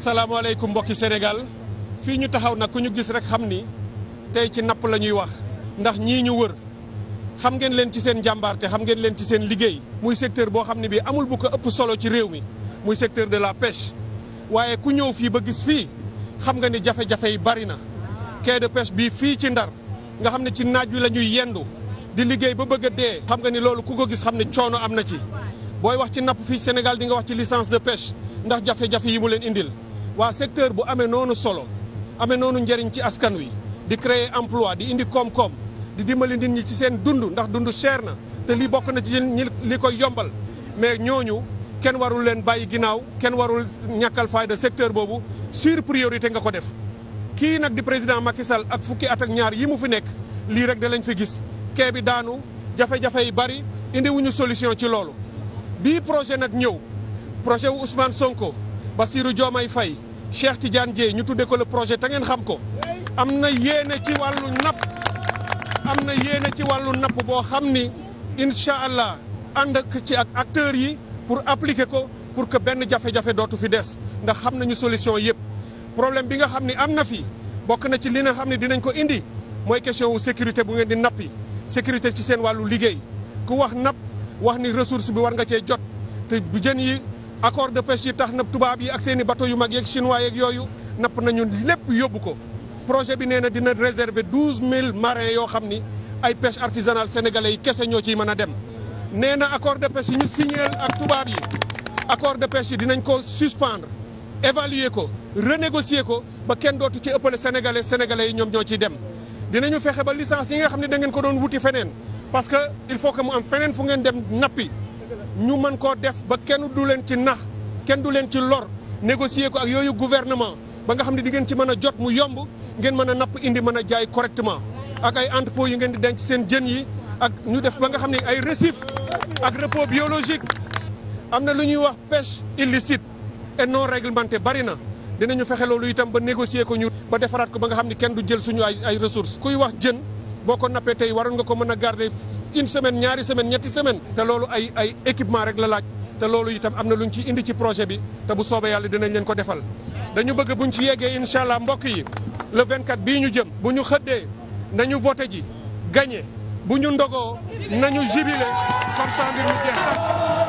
asalaamaaleykum mbokki Sénégal fii ñu taxaw nag ku ñu gis rek xam ni tey ci napp la ñuy wax ndax ñii ñu wër xam ngeen leen ci seen te xam ngeen leen ci seen liggéey muy secteur boo xam ne bii amul bu ko ëpp solo ci réew mi muy secteur de la pêche waaye ku ñëw fii ba gis fii xam nga ni jafe-jafe yi bari na quai de pêche bii fii ci Ndar nga xam ne ci naaj wi la ñuy yendu di liggéey ba bëgg a dee xam nga ni loolu ku ko gis xam ne coono am na ci booy wax ci napp fii Sénégal di nga wax ci licence de pêche ndax jafe yi mu leen indil waa secteur bu amee noonu solo amee noonu njëriñ ci askan wi di créer emplois di indi koom-koom di dimbali nit ñi ci seen dund ndax dund cher na te lii bokk na ci ñi li koy yombal mais ñooñu kenn warul leen bàyyi ginnaaw kenn warul ñàkkal fayda secteur boobu sur priorité nga ko def kii nag di président Macky Sall ak fukki atak ñaar yi mu fi nekk lii rek da lañ fi gis kee bi daanu jafe-jafe yi bari indi wuñu solution ci loolu bii projet nag ñëw projet wu Ousmane Sonko Bassirou Diomaye Faye Cheikh Tidiane Dièye ñu tuddee ko la projet te ngeen xam ko am na yéene ci wàllu napp am na yéene ci wàllu napp boo xam ni incha allah ànd ak ci ak acteurs yi pour appliquer ko pour que benn jafe-jafe dootu fi des ndax xam nañu solution yëpp problème bi nga xam ni am na fi bokk na ci li nga xam ne dinañ ko indi mooy question wu sécurité bu ngeen di nappi sécurité ci seen wàllu liggéey ku wax napp wax ni ressource bi war nga cee jot te jën yi accord de pêche yi tax na tubaab yi ak seeni i bateau yu mag yeeg chinois yeeg yooyu napp nañu lépp yóbbu ko projet bi nee na dina réserver douze mille marins yoo xam ni ay pêche artisanale sénégalais yi kese ñoo ciy mën a dem. nee na accord de pêche yi ñu signé ak tubaab yi accord de pêche yi dinañ ko suspendre évaluer ko renégocier ko ba kenn dootu ci ëppale sénégalais sénégalais yi ñoom ñoo ciy dem. dinañu fexe ba licence yi nga xam ne da ngeen ko doon wuti feneen parce que il faut que mu am feneen fu ngeen dem nappi. ñu mën koo def ba kenn du leen ci nax kenn du leen ci lor négocier ko ak yooyu gouvernement ba nga xam ne di ngeen ci mën a jot mu yomb ngeen mën a napp indi man a jaay correctement ak ay entrepôt yu ngeen di denc seen jën yi ak ñu def ba nga xam ne ay récif ak repos biologique am na lu ñuy wax pêche illicite et non réglementée bari na dinañu fexe loolu itam ba négocier ko ñu ba defaraat ko ba nga xam ne kenn du jël suñu ay ay ressources kuy wax jën boo ko nappee tey waroon nga ko mën a garder une semaine ñaari semaine ñetti semaine te loolu ay équipement rek la laaj te loolu itam am na lu ñu ci indi ci projet bi te bu soobee yàlla dinañ leen ko defal dañu bëgg bu buñ ci yeggee incha allah mbokk yi le 24 bii ñu jëm bu ñu xëddee nañu voté ji gagné bu ñu ndogoo nañu jubilé comme ça mbir jeex